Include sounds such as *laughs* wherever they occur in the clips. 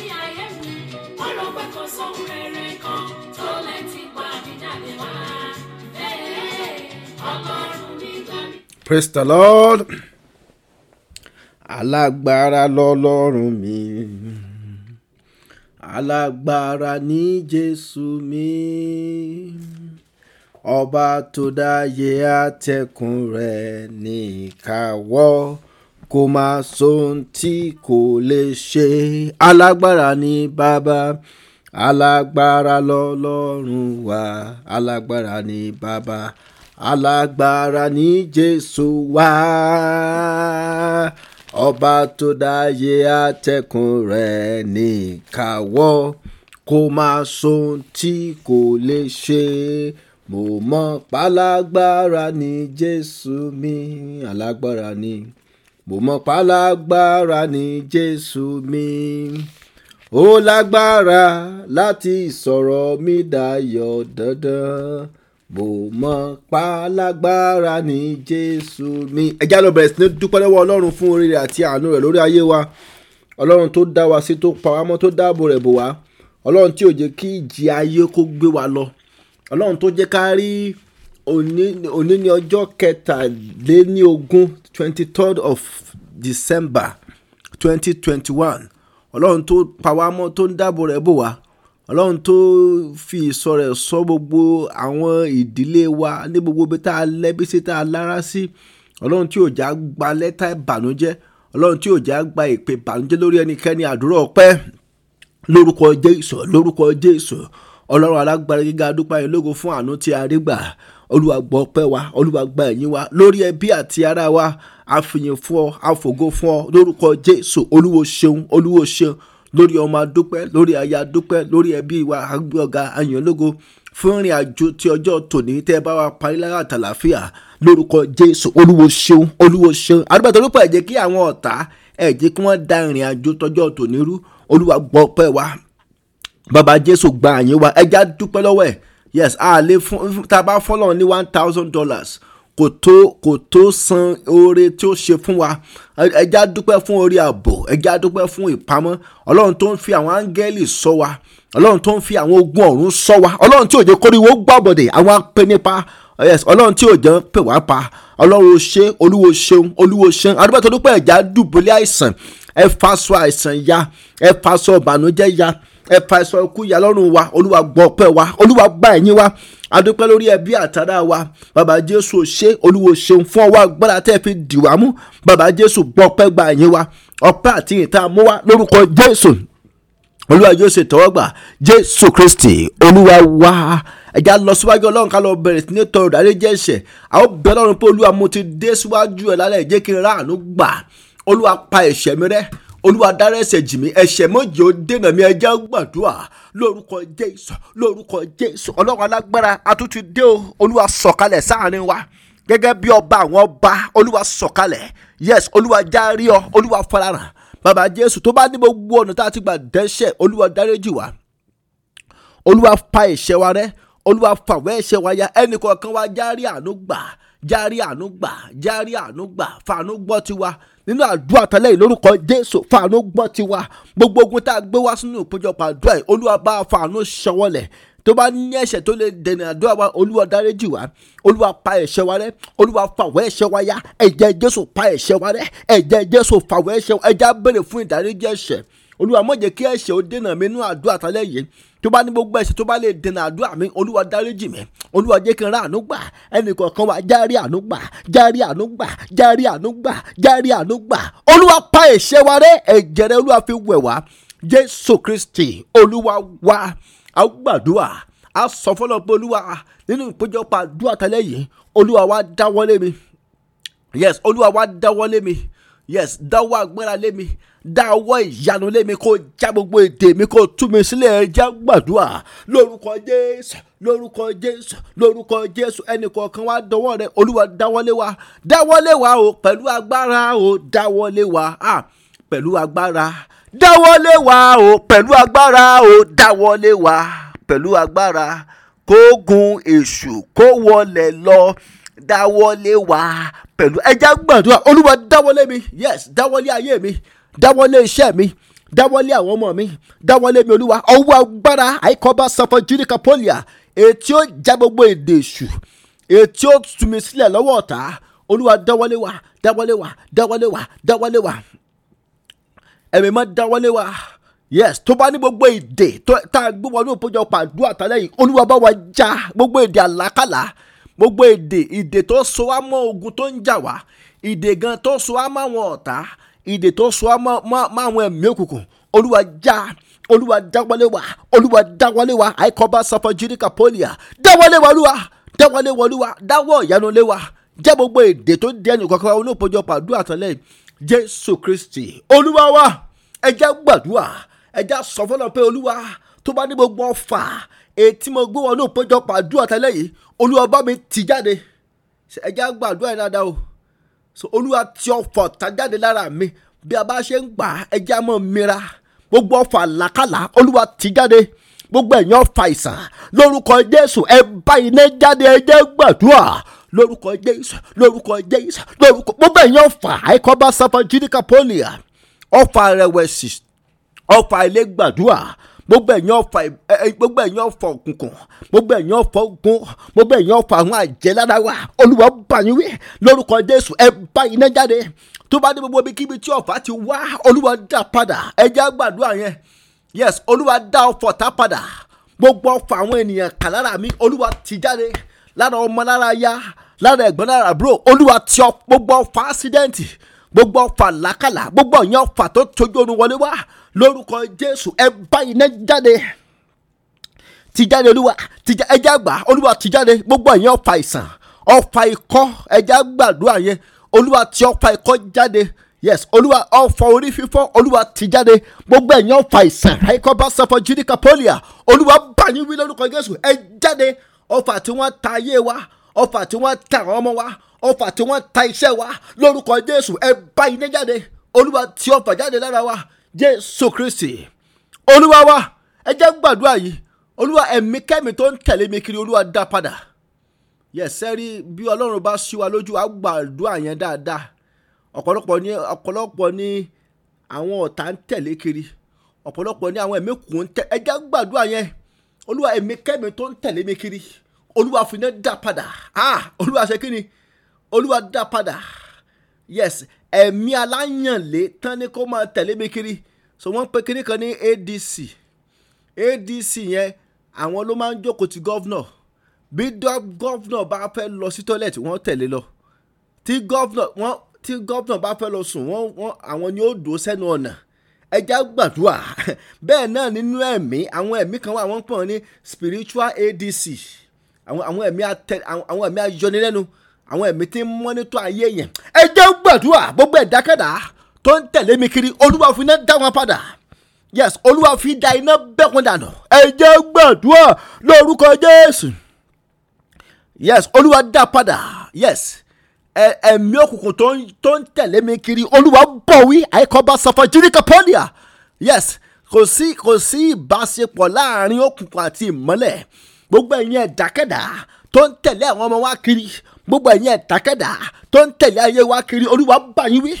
lórí ayé mi ọ̀rọ̀ pé kò sóhun rere kan tó lè ti pa mí jáde wá Praise the Lord alágbára lọ́lọ́run mi alágbára ní Jésù mi ọba tó dáyé àtẹ̀kùn rẹ̀ ní ìkáwọ́ kò máa sóhun tí kò lè ṣe alágbára ni bàbá alágbára lọ́lọ́run wa alágbára ni bàbá alágbára ni Jésù wa ọba tó dáyé àtẹ̀kùn rẹ̀ níkàwọ́ kò máa sóhun tí kò lè ṣe mo mọ̀ pálágbára ni Jésù mi alágbára ni mo mọ̀ pálágbára ní Jésù mi ó lágbára láti sọ̀rọ̀ mi dayọ̀ dandan mo mọ̀ pálágbára ní Jésù mi. ẹja ló bẹ̀rẹ̀ sí ní dúpẹ́ lọ́wọ́ Ọlọ́run fún oríire àti àánú rẹ̀ lórí ayé wa Ọlọ́run tó dá wa sí tó pa wá mọ́ tó dáàbò rẹ̀ bò wá Ọlọ́run tí ò jẹ́ kí ìjì ayé kó gbé wa lọ Ọlọ́run tó jẹ́ ká rí òní ní ọjọ́ kẹtàléníogún twenty third of december twenty twenty one ọlọ́run tó pa wá mọ́ tó ń dáàbò rẹ̀ bò wá ọlọ́run tó fi ìsọ rẹ̀ sọ gbogbo àwọn ìdílé wa ní gbogbo ibi tá a lẹ́bí sí tá a lára sí ọlọ́run tí òjá gba lẹ́tà ìbànújẹ́ ọlọ́run tí òjá gba ìpè ìbànújẹ́ lórí ẹnikẹ́ni àdúrà ọpẹ́ lórúkọ jésù lórúkọ jésù ọlọ́run alágbára gíga dúpẹ́ ìlógo fún àánú tí a rí gbà olúwa gbọ́ ọpẹ́ wa olúwa gba ẹ̀yìn wa lórí ẹbí àti ara wa àfihàn fún ọ àfògo fún ọ lórúkọ jésù olúwo ṣeun olúwo ṣeun lórí ọmọ adúpẹ́ lórí aya adúpẹ́ lórí ẹbí wa agbọ̀gá ayànlógo fún ìrìn àjò tí ọjọ́ tòní tẹ́ bá wa parí lára àtàlàfíà lórúkọ jésù olúwo ṣeun olúwo ṣeun àdúgbò tó lópa ẹ jẹ́ kí àwọn ọ̀tá ẹ jẹ́ kí wọ́n da ìrìn àjò tọjọ́ tòní rú olúwa gbọ́ wa bàbá jésù gba àyìn wa ẹja dúpẹ́ lọ́wọ́ ẹ̀ yes a le fún tá a bá fọlọ́run one thousand dollars kò tó kò tó san oore tí ó ṣe fún wa ẹja dúpẹ́ fún orí ààbò ẹja dúpẹ́ fún ìpamọ́ ọlọ́run tó ń fi àwọn áńgẹ́lì sọ wa ọlọ́run tó ń fi àwọn ogun ọ̀run sọ wa ọlọ́run tí òjò kórìíwó gbàbọ̀dẹ̀ àwọn apẹnipa yes ọlọ́run tí òjò pè wá pa ọlọ́run ṣe olúwo ṣeun olúwo ṣeun adúgbò tó dúpẹ́ ẹja dùbúlẹ̀ àìsàn ẹ faṣọ àìsàn ya ẹ faṣọ ìbànújẹ́ ya ẹ̀pà ìsọ̀ ikú ìyá lọ́rùn wa olúwa gbọ́ ọpẹ́ wa olúwa gba ẹ̀yìn wa adúpẹ́ lórí ẹbí àtàrà wa bàbá jésù ṣe olúwo ṣeun fún ọwọ́ agbára tẹ́ fi dì wá mú bàbá jésù gbọ́ ọpẹ́ gba ẹ̀yìn wa ọpẹ́ àti ìta mú wa lórúkọ jésù olúwa yóò ṣe tọwọ́gbà jésù kristi olúwa wa ẹja lọ síwájú ọlọ́run ká lọ bẹ̀rẹ̀ sí ní tọrọ ìdárí jẹ́ ẹ̀ṣẹ̀ àwọn bẹ̀rẹ̀ ọlọ́run pé olúwa mo ti dé síwájú ẹ̀ lálẹ́ ìjẹ́ kí gbà olúwa pa ẹ̀ṣẹ̀ mi rẹ́ olúwa dára ẹ̀ṣẹ̀ jì mí ẹ̀ṣẹ̀ mọjì ó dènà mi ẹjẹ gbàdúrà lórúkọ jésù lórúkọ jésù ọlọ́run alágbára àtúntì dé o olúwa sọ̀kalẹ̀ sáàrin wa gẹ́gẹ́ bí ọba àwọn ọba olúwa sọ̀kalẹ̀ yes olúwa járí ọ olúwa farahàn bàbá jésù tó bá ní gbogbo ọ̀nà tá a ti gbà dẹ́ṣẹ̀ olúwa dáríjì wá olúwa pa ẹ̀ṣẹ̀ wa rẹ́ olúwa fàwẹ́ ẹ̀ṣẹ̀ wa ya ẹnì kọ̀ọ̀kan wa járí àánú gbà járí àánú gbà járí àánú gbà fàánú gbọ́ tiwa nínú àdúrà tẹ́lẹ̀ lórúkọ jésù fàánú gbọ́ tiwa gbogbo ogun tá a gbé wá sínú ìpéjọpọ̀ àdúrà yìí olúwa bá fàánú ṣọwọ́lẹ̀ tó bá ní ẹ̀ṣẹ̀ tó lè dènà àdúrà wa olúwa dáríjì wá olúwa pa ẹ̀ṣẹ̀ wa rẹ́ olúwa fàwọ́ ẹ̀ṣẹ̀ wa ya ẹ̀jẹ̀ jésù pa ẹ̀ṣẹ̀ wa rẹ́ ẹ̀jẹ̀ jésù fàwọ́ ẹ̀ṣẹ̀ wa ẹ̀jẹ̀ á béèrè fún ìdáríjì ẹ̀ṣẹ̀ olúwa má kí ẹ̀ṣẹ̀ ó dènà mi nínú àdúrà tẹ́lẹ̀ yìí tó bá ní gbogbo ẹ̀ṣẹ̀ tó bá lè dènà àdúrà mi olúwa dáríjì mi olúwa jẹ́ kí n rà àánú gbà ẹnì kọ̀ọ̀kan wa járí àánú gbà járí àánú gbà járí àánú gbà járí àánú gbà olúwa pa ẹ̀ṣẹ̀ wa rẹ́ ẹ̀jẹ̀ rẹ̀ olúwa fi wẹ̀ wá jésù kristi olúwa wa a gbàdúrà a sọ fọlọ pé olúwa nínú ìpéjọpọ̀ àdúrà tẹ́lẹ̀ yìí olúwa wa dáwọ́lé mi yes olúwa wa dáwọ́lé mi yes dáwọ́ agbára lé mi dáwọ́ ìyanu lé mi kó já gbogbo èdè mi kó tú mi sílẹ̀ ẹja gbàdúrà lórúkọ jésù lórúkọ jésù lórúkọ jésù ẹnìkọ̀ọ̀kan wa dọwọ́ rẹ olúwa dáwọ́lé wa dáwọ́lé wa o pẹ̀lú agbára o dáwọ́lé wa ah pẹ̀lú agbára dáwọ́lé wa o pẹ̀lú agbára o dáwọ́lé wa pẹ̀lú agbára kógun èṣù kó wọlé lọ dáwọ́lé wa pẹ̀lú ẹja gbàdúrà olúwa dáwọ́lé mi yes dáwọ́lé ayé mi dáwọ́lé iṣẹ́ mi dáwọ́lé àwọn ọmọ mi dáwọ́lé mi olúwa ọwọ́ agbára àìkọ́bá sanfọ jírika pọ́lìà ètí ó já gbogbo èdè èṣù ètí ó tùmí sílẹ̀ lọ́wọ́ ọ̀tá olúwa dáwọ́lé wa dáwọ́lé wa dáwọ́lé wa dáwọ́lé wa ẹ̀mí má dáwọ́lé wa yes tó bá ní gbogbo èdè tá a gbé wọnú òpójọpọ̀ àdúrà tálẹ́yìn olúwa bá wa já gbogbo èdè àlákàlà gbogbo èdè ìdè tó so wá mọ́ ogun tó ń jà wá ìdè gan tó so wá mọ́ àwọn ọ̀tá ìdè tó so wá mọ́ àwọn ẹ̀mí òkùnkùn olúwa já olúwa dáwọlé wa olúwa dáwọlé wa àìkọ́bá sọfọ́jìrìkà pólíà dáwọlé wa olúwa dáwọlé wa olúwa dáwọ́ ìyanu lé wa jẹ́ gbogbo èdè tó di ẹnu kankan olóòpọ̀jọ pàdúrà tọ́lẹ̀ jésù kristi olúwa wa ẹ jẹ́ gbàdúrà ẹ jẹ́ sọ fọlọ́ pé olúwa tó bá ní gbogbo ọ̀fà etí mo gbé wọnú péjọpọ̀ àdúrà tẹ́lẹ̀ yìí olúwa bá mi tì jáde ẹjẹ́ àgbà àdúrà yẹn dáadáa o so olúwa ti ọ̀fọ̀ tá jáde lára mi bí a bá ṣe ń gbà ẹjẹ́ àmọ́ mìíràn gbogbo ọ̀fọ̀ àlàkàlà olúwa tì jáde gbogbo ẹ̀yin ọ̀fà ìsàn lórúkọ jésù ẹ bá iná jáde ẹ jẹ́ gbàdúrà lórúkọ jésù lórúkọ jésù lórúkọ gbogbo ẹ̀yin ọ̀fà àìkọ́bá sanfa jíríkà pọ́nìyà ọ̀fà rẹ̀wẹ̀sì ọ̀fà ilé gbàdúrà gbogbo ẹ̀yin ọ̀fà gbogbo ẹ̀yin ọ̀fà òkùnkùn gbogbo ẹ̀yin ọ̀fà ogun gbogbo ẹ̀yin ọ̀fà àwọn àjẹlára wa olúwa bá yín wí lórúkọ jésù ẹ bá iná jáde tó bá dé gbogbo ibikíbi tí ọ̀fà ti wá olúwa dá padà ẹ jẹ́ àgbàdua yẹn yes olúwa dá ọ̀fọ̀tá padà gbogbo ọ̀fà àwọn ènìyàn kà lára mi olúwa ti jáde lára ọmọ lára ya lára ẹ̀gbọ́n lára àbúrò olúwa ti gbogbo ọ̀fà accident gbogbo ọ̀fà làkàlà gbogbo ọ̀yàn ọ̀fà tó tójú orun wọlé wá lórúkọ jésù ẹ bá iná jáde ti jáde olúwa ti jáde ẹjẹ àgbà olúwa ti jáde gbogbo ẹ̀yin ọ̀fà ìsàn ọ̀fà ikọ́ ẹjẹ àgbàdúrà yẹn olúwa ti ọ̀fà ikọ́ jáde yes olúwa ọ̀fà orí fífọ́ olúwa ti jáde gbogbo ẹ̀yin ọ̀fà ìsàn àìkọ́ bá sọ fún judika polia olúwa bá yín wí lórúkọ jésù ẹ jáde ọ̀fà tí wọ́n ta ayé wa ọ̀fà tí wọ́n ta ọmọ wa ọ̀fà tí wọ́n ta iṣẹ́ wa lórúkọ jésù ẹ bá iná jáde olúwa ti ọ̀fà jáde lára wa jésù kristi olúwa wa ẹ jẹ́ gbàdúrà yìí olúwa ẹ̀mí kẹ́mi tó ń tẹ̀lé mi kiri olúwa dá padà yẹ̀sẹ̀ rí bí ọlọ́run bá ṣí wa lójú wa gbàdúrà yẹn dáadáa ọ̀pọ̀lọpọ̀ ní ọ̀pọ̀lọpọ̀ ní àwọn ọ̀tá ń tẹ̀lé kiri ọ̀pọ̀lọpọ̀ ní àwọn ẹ̀mí kù ń tẹ̀ ẹ jẹ́ gbàdúrà yẹn olúwa ẹ̀mí kẹ́mi tó ń tẹ̀lé mi kiri olúwa fi náà dá padà ah olúwa ṣe kí ni olúwa dá padà yes ẹ̀mí aláyànlé tán ni kó máa tẹ̀lé mi kiri so wọ́n pe kinní kan ní adc adc yẹn àwọn ló máa ń jókòó ti gọ́vnọ̀ bí gọ́vnọ̀ bá fẹ́ lọ sí tọ́lẹ̀tì wọ́n tẹ̀lé lọ tí gọ́vnọ̀ wọ́n tí gọ́vnọ̀ bá fẹ́ lọ sùn wọ́n wọ́n àwọn ni ó dò sẹ́nu ọ̀nà ẹja gbàdúrà *laughs* bẹ́ẹ̀ náà nínú ẹ̀mí àwọn ẹ̀mí kan wà wọ́n pọ̀ ní spiritual adc àwọn àwọn ẹ̀mí ayọnilẹ́nu àwọn ẹ̀mí tí ń mọ́nító ayé yẹn ẹ jẹ́ gbàdúrà gbogbo ẹ̀dákẹ́dá tó ń tẹ̀lé mi kiri olúwa fi iná dá wọn padà yes olúwa fi da iná bẹ́ wọn dànù ẹ jẹ́ gbàdúrà lórúkọ jésù yes olúwa dá padà yes ẹ̀mí òkùnkùn tó ń tẹ̀lé mi kiri olúwa bọ̀ wí àìkọ́ba sọ̀fọ̀ jíríkà pọ́nìyà yes kò sí kò sí ìbáṣepọ̀ láàrin òkùnkùn àti ìmọ́lẹ̀ gbogbo ẹ̀yin ẹ̀dákẹ́dá tó ń tẹ̀lé àwọn ọmọ wa kiri gbogbo ẹ̀yin ẹ̀tákẹ́dà tó ń tẹ̀lé ayé wa kiri olúwa bá yín wí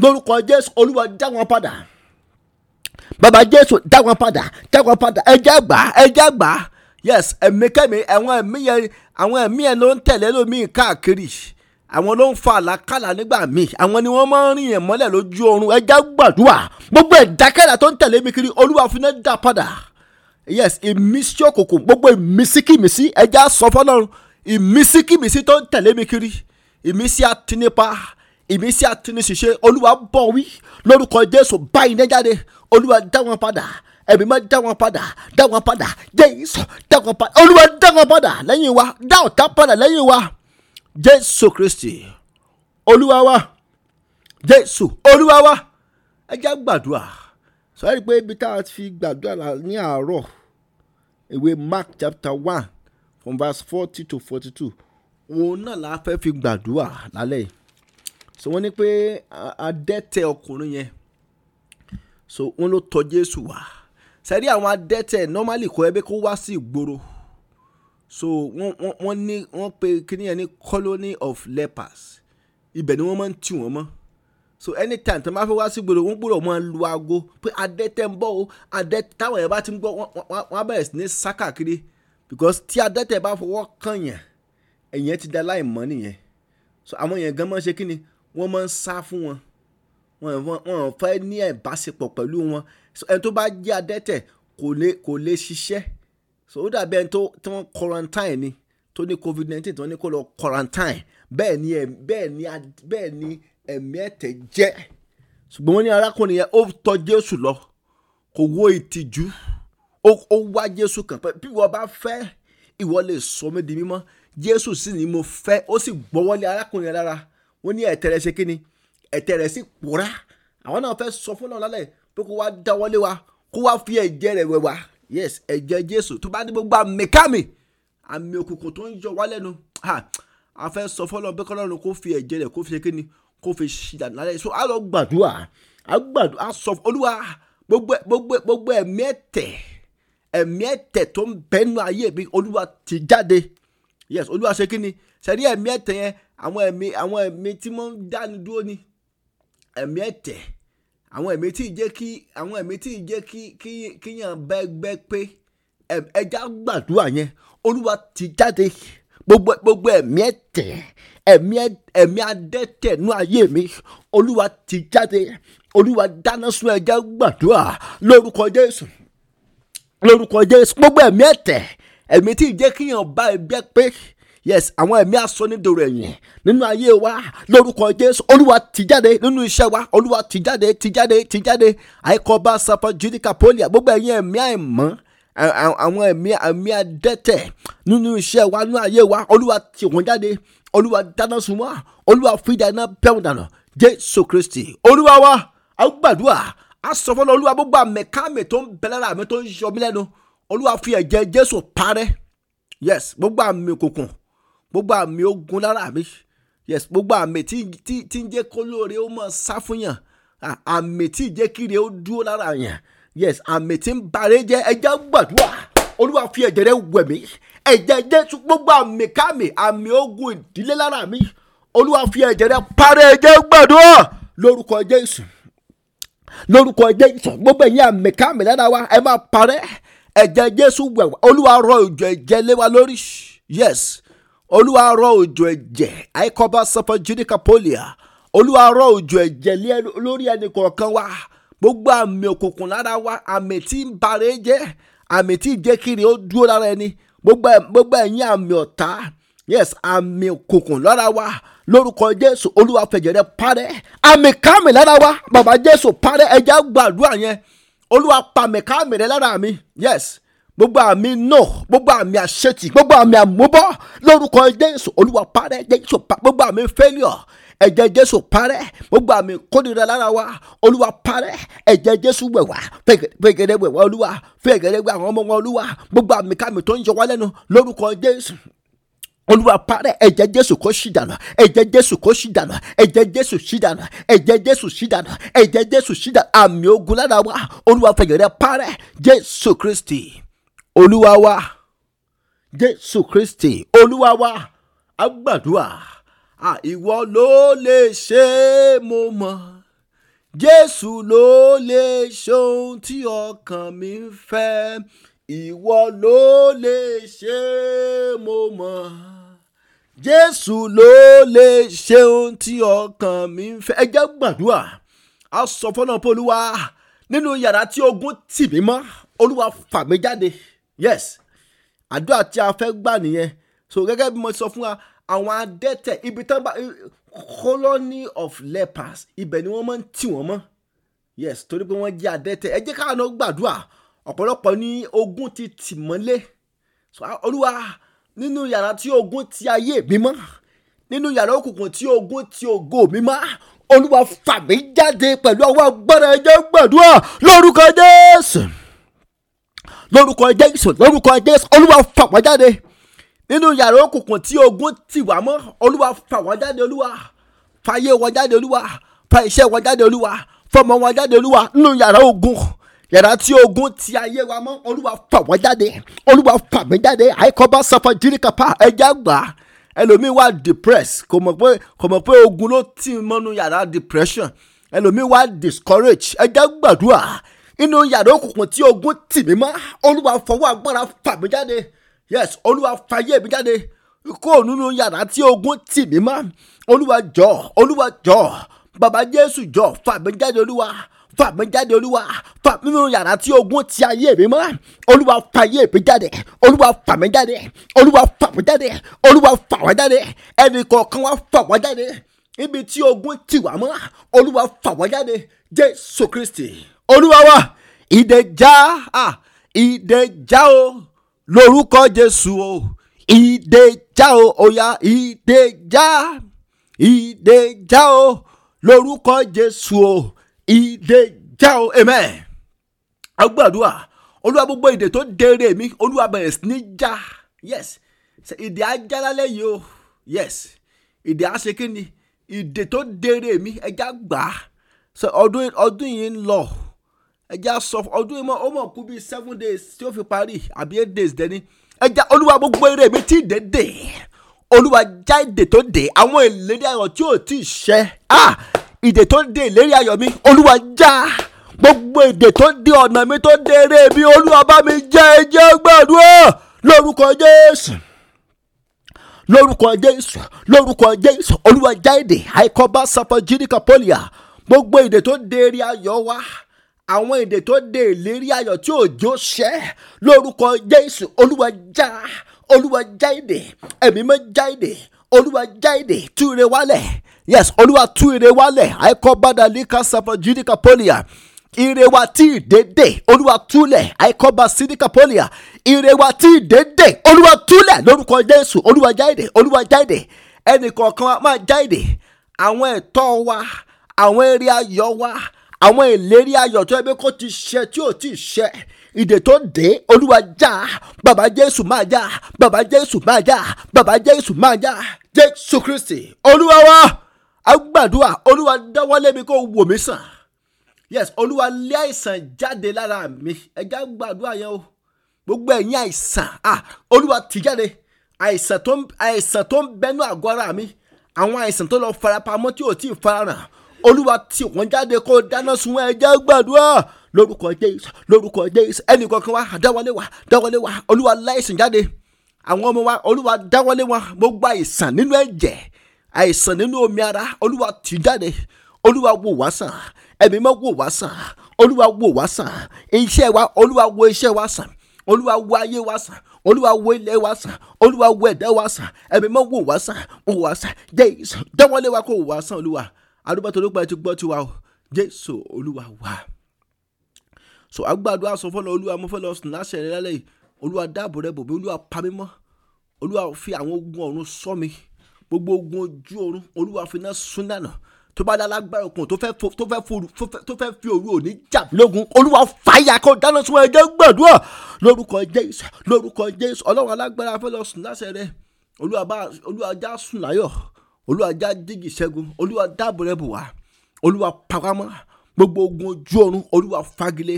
lórúkọ jésù olúwa já wọn padà bàbá jésù já wọn padà já wọn padà ẹjẹ gbà ẹjẹ gbà yes ẹ̀mí kẹ́mi àwọn ẹ̀mí yẹn àwọn ẹ̀mí yẹn ló ń tẹ̀lé lómi káàkiri àwọn ló ń fa àlàkàlà nígbà míì àwọn ni wọ́n máa ń rìn yẹn mọ́lẹ̀ lójú oorun ẹjẹ gbàdúrà gbogbo ẹ̀dákẹ́dà tó ń tẹ̀lé mi kiri olúwa fún ẹ dá padà yes ìmísí òkùnkùn gbogbo ìmísí kìmísí ẹjẹ sọ fọlọ́run ìmísí kìmísí tó ń tẹ̀lé mi kiri ìmísí àtinípa ìmísí àtiníṣiṣẹ́ olúwa bọ̀ wí lórúkọ jésù báyìí ní jáde olúwa dá wọn padà ẹ̀mí máa dá wọn padà dá wọn padà jésù dá wọn padà olúwa dá wọn padà lẹ́yìn wa dá ọ̀tá padà lẹ́yìn wa jésù kristi olúwa wa jésù olúwa wa ẹ jẹ́ gbàdúrà sọ́yìn pé ibi tá a fi gbàdúrà ní àárọ̀ ìwé mark chapter one from verse forty to forty two òun náà la fẹ́ fi gbàdúrà lálẹ́ so wọ́n ní pé adẹ́tẹ̀ ọkùnrin yẹn so wọ́n ló tọ̀ Jésù wá sẹ́rí àwọn adẹ́tẹ̀ normally kọ́ ẹbí kó wá sí ìgboro so wọ́n wọ́n ní wọ́n pe kíní yẹn ní colony of lepers ibẹ̀ ni wọ́n máa ń tì wọ́n mọ́ so anytime tí wọ́n bá fẹ́ wá sí ìgboro wọ́n gbọ́dọ̀ máa lu aago pé adẹ́tẹ̀ ń bọ̀ o adẹ́tẹ̀ táwọn yẹn bá ti ń gbọ́ wọ́n á bẹ̀rẹ̀ sí ní sákàkiri because tí adẹ́tẹ̀ bá fọwọ́ kàn yàn ẹ̀yẹn ti da láì mọ́ nìyẹn so àwọn yẹn gan máa ń ṣe kí ni wọ́n máa ń sá fún wọn wọn ò fẹ́ ní ìbáṣepọ̀ pẹ̀lú wọn ẹni tó bá jẹ́ adẹ́tẹ̀ kò lè kò lè ṣiṣẹ́ so ó dàbí ẹni tó wọ́n quarantine ni tó ní covid nineteen tí wọ́n ní kó lọ quarantine bẹ́ẹ̀ ni bẹ́ẹ̀ ni bẹ́ẹ̀ ni ẹ̀mí ẹ̀tẹ̀ jẹ́ ṣùgbọ́n wọ́n ní arákùnrin yẹn ó tọ́ Jésù lọ kò wo ìtìjú ó wá jésù kàn pé bí wọ́n bá fẹ́ ìwọ lè sọ mí di mímọ́ jésù sì ni mo fẹ́ ó sì gbọ́wọ́lé arákùnrin lára wọ́n ní ẹ̀tẹ̀ rẹ̀ ṣe kí ni ẹ̀tẹ̀ rẹ̀ sì pòórá àwọn náà fẹ́ sọ fún náà lálẹ́ pé kó wá dáwọ́lé wa kó wá fi ẹ̀jẹ̀ rẹ̀ wẹ̀ wá yes ẹ̀jẹ̀ jésù tó bá dé gbogbo àmìkámì àmì òkùnkùn tó ń yọ wá lẹ́nu a fẹ́ sọ fọlọ́ pé kọ́lọ́run kó fi ẹ̀jẹ̀ rẹ̀ kó fi ṣe kí ni kó fi ṣìdà lálẹ́ so a lọ gbàdúrà a gbàdúrà a sọ olúwa gbogbo gbogbo gbogbo ẹ̀mí ẹ̀tẹ̀ ẹ̀mí ẹ̀tẹ̀ tó ń bẹ́nu ayé mi olúwa ti jáde yes olúwa ṣe kí ni sẹ́rí ẹ̀mí ẹ̀tẹ̀ yẹn àwọn ẹ̀mí àwọn ẹ̀mí tí wọ́n ń dáni dúró ni ẹ̀mí ẹ̀tẹ̀ àwọn ẹ̀mí tí ì jẹ́ kí àwọn ẹ̀mí tí ì jẹ́ kí kí kíyàn bẹ́gbẹ́ pé ẹja gbàdúrà yẹn olúwa ti jáde gbogbo gbogbo ẹ̀mí ẹ̀tẹ̀ ẹ̀mí ẹ̀mí adẹ́tẹ̀ ayé mi olúwa ti jáde olúwa dáná sun ẹja gbàdúrà lórúkọ jésù lórúkọ jésù gbogbo ẹ̀mí ẹ̀tẹ̀ ẹ̀mí tí ì jẹ́ kíyàn bá ẹgbẹ́ pé yes àwọn ẹ̀mí asọ́nidòrò ẹ̀yìn nínú ayé wa lórúkọ jésù olúwa ti jáde nínú iṣẹ́ wa olúwa ti jáde ti jáde ti jáde àìkọ́ba sapa judika polia gbogbo ẹ̀yin ẹ̀mí àìmọ́ àwọn ẹ̀mí ẹ̀mí adẹ́tẹ̀ nínú iṣẹ́ wa nínú ayé wa olúwa ti wọ́n jáde olúwa dáná sun wa olúwa fìdá iná bẹ́ẹ̀ dànù jésù kristi olúwa wa a gbàdúrà a sọ fọlọ olúwa gbogbo àmẹkámẹ tó ń bẹ lára mi tó ń yọ mí lẹ́nu olúwa fi ẹ̀jẹ̀ jésù parẹ́ yes gbogbo àmì òkùnkùn gbogbo àmì ogun lára mi yes gbogbo àmì tí tí tí ń jẹ́ kólóore ó mọ̀ sá àmì tí ìjẹ́ kiri ó dúró lára yàn yes àmì tí ń barẹ́ jẹ́ ẹjẹ́ gbàdúrà olúwa fi ẹ̀jẹ̀ rẹ̀ wẹ̀ mí ẹ̀jẹ̀ jésù gbogbo àmì kámi àmì ogun ìdílé lára mi olúwa fi ẹ̀jẹ̀ rẹ̀ parẹ́ ẹjẹ́ gbàdúrà lórúkọ jésù. lórúkọ jésù gbogbo ẹ̀yin àmì káàmì lára wa ẹ máa parẹ́ ẹ̀jẹ̀ jésù wẹ̀ wá olúwa rọ òjò ẹ̀jẹ̀ lé wa lórí yes olúwa rọ òjò ẹ̀jẹ̀ àìkọ́bá sọfọ jùdíkà pólíà olúwa rọ òjò ẹ̀jẹ̀ lé lórí ẹnì kọ̀ọ̀kan wa gbogbo àmì òkùnkùn lára wa àmì tí ń bare jẹ́ àmì tí ń jẹ́ kiri ó dúró lára ẹni gbogbo ẹ̀yin àmì ọ̀tá yes àmì òkùnkùn lára wa lórúkọ jésù olúwa fẹ̀jẹ̀ rẹ parẹ́ àmì káàmì lára wa bàbá jésù parẹ́ ẹja gbàdúrà yẹn olúwa pa àmì káàmì rẹ lára mi yes gbogbo àmì no gbogbo àmì àṣetì gbogbo àmì àmúbọ lórúkọ jésù olúwa parẹ́ jésù pa gbogbo àmì failure ẹ̀jẹ̀ jésù parẹ́ gbogbo àmì kórìíra lára wa olúwa parẹ́ ẹ̀jẹ̀ jésù wẹ̀ wá fẹ̀gẹ̀dẹ̀ wẹ̀ wá olúwa fẹ̀gẹ̀dẹ̀ wẹ̀ àwọn ọmọ wọn olúwa gbogbo àmì káàmì tó ń yọ wá lórúkọ jésù olúwa parẹ́ ẹ̀jẹ̀ jésù kó ṣì dànù ẹ̀jẹ̀ jésù kó ṣì dànù ẹ̀jẹ̀ jésù ṣì dànù ẹ̀jẹ̀ jésù ṣì dànù ẹ̀jẹ̀ jésù ṣì dànù àmì ogun lára wa olúwa fẹ̀yẹ̀ rẹ parẹ́ jésù kristi olúwa wa jésù kristi olúwa wa agbàdúrà ìwọ ló lè ṣe é mo mọ̀ jésù ló lè ṣe ohun tí ọkàn mi ń ìwọ ló lè ṣe é mo mọ̀ jésù ló lè ṣe ohun tí ọkàn mi ń fẹ́ ẹ jẹ́ gbàdúrà a sọ fọ́nà pé olúwa nínú yàrá tí ogun tì mí mọ́ olúwa fà jáde yes àdúrà tí a fẹ́ gbà nìyẹn so gẹ́gẹ́ bí mo sọ fún wa àwọn adẹ́tẹ̀ ibi tán bá colony of lepers ibẹ̀ ni wọ́n máa ń tì wọ́n mọ́ yes torí pé wọ́n jẹ́ adẹ́tẹ̀ ẹ jẹ́ káwọn náà gbàdúrà ọ̀pọ̀lọpọ̀ ní ogun ti tì mọ́lé so olúwa. Uh, nínú yàrá tí ogun ti ayé mi mọ́ nínú yàrá òkùnkùn tí ogun ti ògo mi mọ́ olúwa fà mí jáde pẹ̀lú ọwọ́ agbára ẹ̀jẹ̀ gbàdúrà lórúkọ jésù lórúkọ jésù lórúkọ jésù olúwa fà wá jáde nínú yàrá òkùnkùn tí ogun ti wà mọ́ olúwa fà wá jáde olúwa fàyè wá jáde olúwa fà iṣẹ́ wá jáde olúwa fọmọ wá jáde olúwa nínú yàrá ogun yàrá tí ogun ti ayé wa mọ́ olúwa fà wọ́n jáde olúwa fà mí jáde àìkọ́bá sanfọ jíríkàpá ẹja gbà á ẹlòmíì wà depressed kò mọ̀ pé kò mọ̀ pé ogun ló tì mọ́nú yàrá depression ẹlòmíì wà discouraged ẹja gbàdúrà inú yàrá òkùnkùn tí ogun tì mí mọ́ olúwa fọwọ́ agbára fà mí jáde yes olúwa fàyè mi jáde kó nínú yàrá tí ogun tì mí mọ́ olúwa jọ̀ọ́ olúwa jọ̀ọ́ bàbá jésù jọ̀ọ́ fà mí jáde olúwa fà mí jáde olúwa fà mí nínú yàrá tí ogun ti ayé mi mọ́ olúwa fa ayé mi jáde olúwa fa mí jáde olúwa fa mí jáde olúwa fà wá jáde ẹnì kọ̀ọ̀kan wa fà wá jáde ibi tí ogun ti wà mọ́ olúwa fà wá jáde jésù kristi olúwa wa ìdẹ̀já ìdẹ̀já o lórúkọ jésù o ìdẹ̀já o oya ìdẹ̀já ìdẹ̀já o lórúkọ jésù o ìdè já o amen agbàdúrà olúwa gbogbo ìdè tó dèrè mi olúwa bẹ̀rẹ̀ sí ní já yes ìdè ajá lálẹ́ yìí o yes ìdè àṣẹ kí ni ìdè tó dèrè mi ẹja gbà á ọdún ọdún yìí ń lọ ẹja sọ ọdún yìí ó mọ kú bíi seven days tí ó fi parí àbí eight days dẹni ẹja olúwa gbogbo èrè mi tí ìdè dè olúwa já ìdè tó dè àwọn ìlérí ayọ̀ tí ò ti ì ah ìdè tó dé ìlérí ayọ̀ mi olúwa já gbogbo ìdè tó dé ọ̀nà mi tó dé eré mi olúwa bá mi jẹ́ ẹjẹ́ gbàdúrà lórúkọ jésù lórúkọ jésù lórúkọ jésù olúwa já èdè àìkọ́bá sapajirika polia gbogbo ìdè tó dé eré ayọ̀ wa àwọn èdè tó dé ìlérí ayọ̀ tí òjò ṣẹ́ lórúkọ jésù olúwa já olúwa já èdè ẹ̀mí mọ́ já èdè olúwa já èdè tú ire wálẹ̀ yes olúwa tú ire wálẹ̀ àìkọ́ bàdà líka sàfọ̀ jìdíkà pọ́lìyà ire wa tí dédé olúwa túlẹ̀ àìkọ́ba sídìkàpọ́lìà ire wa tí dédé olúwa túlẹ̀ lórúkọ jésù olúwa jáde olúwa jáde ẹnìkọ̀ọ̀kan máa jáde àwọn ẹ̀tọ́ wa àwọn èrè ayọ̀ wa àwọn ìlérí ayọ̀ tó ẹgbẹ́ kó ti ṣe tí ò tí ṣe ìdè tó dé olúwa já bàbá jésù máa já bàbá jésù máa já bàbá jésù máa já jésù kristi olúwa wa agbàdúrà olúwa dáwọ́lé mi kó wò mí sàn yes olúwa lé àìsàn jáde lára mi ẹja gbàdúrà yẹn o gbogbo ẹ̀yin àìsàn ah olúwa tì jáde àìsàn tó àìsàn tó ń bẹnu àgọ́ ara mi àwọn àìsàn tó lọ farapamọ́ tí ò tí ì farahàn olúwa tì wọ́n jáde kó dáná sun ẹja gbàdúrà lórúkọ jésù lórúkọ jésù ẹnìkọ̀ọ̀kan wa dáwọlé wa dáwọlé wa olúwa láìsàn jáde àwọn ọmọ wa olúwa dáwọlé wọn mo gba àìsàn nínú ẹ̀jẹ̀ àìsàn nínú omi ara olúwa tì jáde olúwa wò wá sàn ẹ̀mí mọ́ wò wá sàn olúwa wò wá sàn iṣẹ́ wa olúwa wò iṣẹ́ wa sàn olúwa wò ayé wa sàn olúwa wò ilé wa sàn olúwa wò ẹ̀dá wa sàn ẹ̀mí mọ́ wò wá sàn wò wá sàn jésù dáwọlé wa kò wò wá sàn olúwa àdúgbò tó ló gbà ẹ ti gbọ́ tiwa o jésù olúwa wà so Agbado sọ fọlọ olúwa mo fẹ́ lọ sùn láṣẹ rẹ lálẹ́ yìí olúwa dáàbò rẹ bòbí olúwa pa mí mọ́ olúwa fi àwọn ogun ọ̀run ṣọ́ mi gbogbo ogun ojú ọ̀run olúwa fi iná sún dànù tó bá lálágbára okun tó fẹ́ tó fẹ́ fi òru òní jà lógun olúwa fàyà kó dáná sun ẹjẹ gbàdúrà lórúkọ jésù lórúkọ jésù ọlọ́run alágbára fẹ́ lọ sùn láṣẹ rẹ olúwa bá olúwa já sùn láyọ̀ olúwa já dígì ṣẹ́gun olúwa dáàbò rẹ bò wá olúwa pàwámọ́ gbogbo ogun ojú ọ̀run olúwa fagilé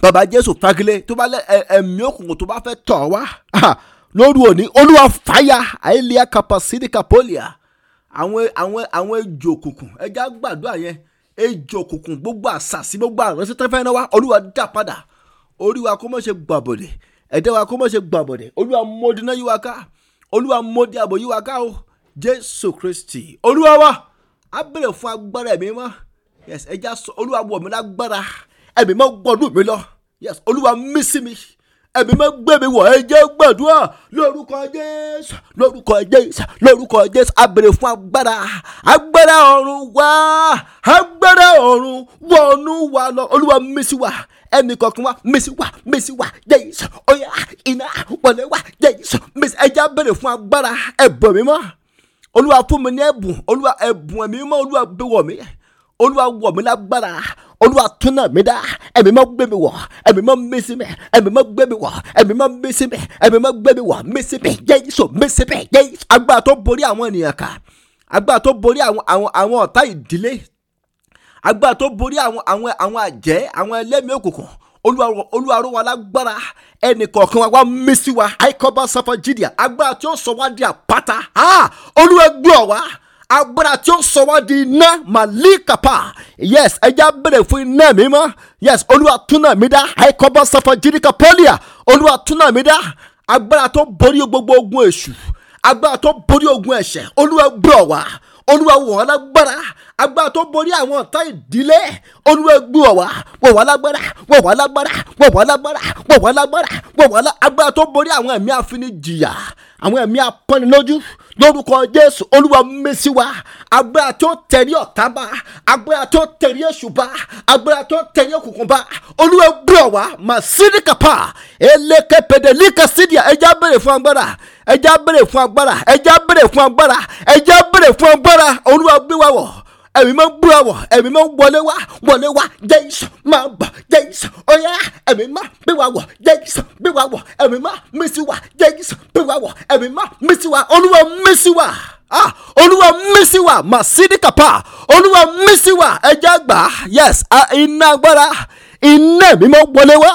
bàbá jésù fagilé tó bá lẹ ẹ̀mí òkùnkùn tó bá fẹ́ tọ̀ wá lóru òní olúwa fàyà àìlíà kapasídìkà pólíà àwọn àwọn àwọn ejò òkùnkùn ẹja gbàdúrà yẹn ejò òkùnkùn gbogbo àṣàṣì gbogbo àrùn ẹsẹ tẹfẹ náà wá olúwa dá padà olúwa kó mọ̀ ṣe gbàbọ̀dẹ̀ ẹ̀dá wa kó mọ̀ ṣe gbàbọ̀dẹ̀ olúwa mọdí náà yíwa ká olúwa mọdí àbò yíwa ká o jésù kristi olúwa wa á bèrè fún agbára ẹ̀mí mọ́ ẹ̀sẹ̀ ẹja olúwa wọ̀ mí lágbára ẹ̀mí máa gbọ́dún mi lọ yes olúwa mí sí mi ẹ̀mí máa gbé mi wọ̀ ẹ jẹ́ gbàdúrà lórúkọ jésù lórúkọ jésù lórúkọ jésù a béèrè fún agbára agbára ọ̀run wá agbára ọ̀run wọnú wa lọ olúwa mí sí wa ẹnì kọ̀ọ̀kan wa mèsì wa mèsì wa jẹ́yìísọ ọ̀yà iná wọlé wa jẹ́yìísọ mèsì ẹja bẹ̀rẹ̀ fún agbára ẹ̀bùn mímọ́ olúwa fún mi ní ẹ̀bùn olúwa ẹ̀bùn mímọ́ olúwa bẹ̀wọ̀ mi olúwa wọ̀ mi lágbára olúwa túnà mi dá ẹ̀mí mọ́ gbé mi wọ̀ ẹ̀mí mọ́ mí sí mi ẹ̀mí mọ́ gbé mi wọ̀ ẹ̀mí mọ́ mí sí mi ẹ̀mí mọ́ gbé mi wọ̀ mí sí mi jẹ́ yíṣọ mí sí mi jẹ́ yíṣọ. agbára tó borí àwọn ènìyàn kà agbára tó borí àwọn àwọn àwọn ọ̀tá ìdílé agbára tó borí àwọn àwọn àwọn àjẹ́ àwọn ẹlẹ́mìí òkùnkùn olùwàrò wa lágbára ẹnì kọ̀ọ̀kan wa mí sí wa àìkọ́bá sáfà jìdìá agbára tí ó sọ wá di àpáta ah! olúwa gbé ọ̀ wá agbára tí ó sọ wá di iná màlíkàpá yes ẹja bẹ̀rẹ̀ fún iná mi mọ́ yes olúwa túnà mi dá àìkọ́bọ̀ sọ̀fọ̀ jírika pọ́lìà olúwa túnà mi dá agbára tó borí gbogbo ogun èṣù agbára tó borí ogun ẹ̀ṣẹ̀ olúwa gbọ́ wá olúwa wọ̀ wá lágbára agbára tó borí àwọn ọ̀tá ìdílé olúwa gbé wá wọ̀ wá lágbára wọ̀ wá lágbára wọ̀ wá lágbára wọ̀ wá lágbára wọ̀ wá lágbára agbára tó borí àwọn ẹ̀mí afinijìyà àwọn ẹ̀mí apọ́nilójú lórúkọ jésù olúwa mẹ́sí wa agbára tó tẹ̀rí ọ̀tá bá agbára tó tẹ̀rí èṣù bá agbára tó tẹ̀rí òkùnkùn bá olúwa búrọ̀ wá mà sídìí kàpá eléke pèdèlíkà sídìí ẹja béèrè fún agbára ẹja béèrè fún agbára ẹja béèrè fún agbára ẹja béèrè fún agbára olúwa gbé wa wọ̀ ẹ̀mí máa ń bú ẹ̀wọ̀ ẹ̀mí máa ń wọlé wá wọlé wá jésù máa ń bọ̀ jésù ọ̀yá ẹ̀mí máa bí wa wọ̀ jésù bí wa wọ̀ ẹ̀mí máa mí sí wa jésù bí wa wọ̀ ẹ̀mí máa mí sí wa olúwa mí sí wa ah olúwa mísí wa màsídìkàpá olúwa mísí wa ẹjẹ àgbà yes iná agbára iná mímọ́ wọlé wá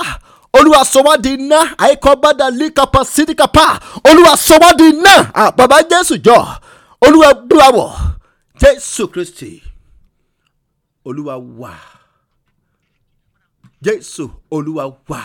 olúwa sọ wá di iná àìkọ́bádà líkàpá sídìkàpá olúwa sọ di iná ah bàbá jésù jọ olúwa búra wọ̀ jésù kristi olúwa wà jésù olúwa wà.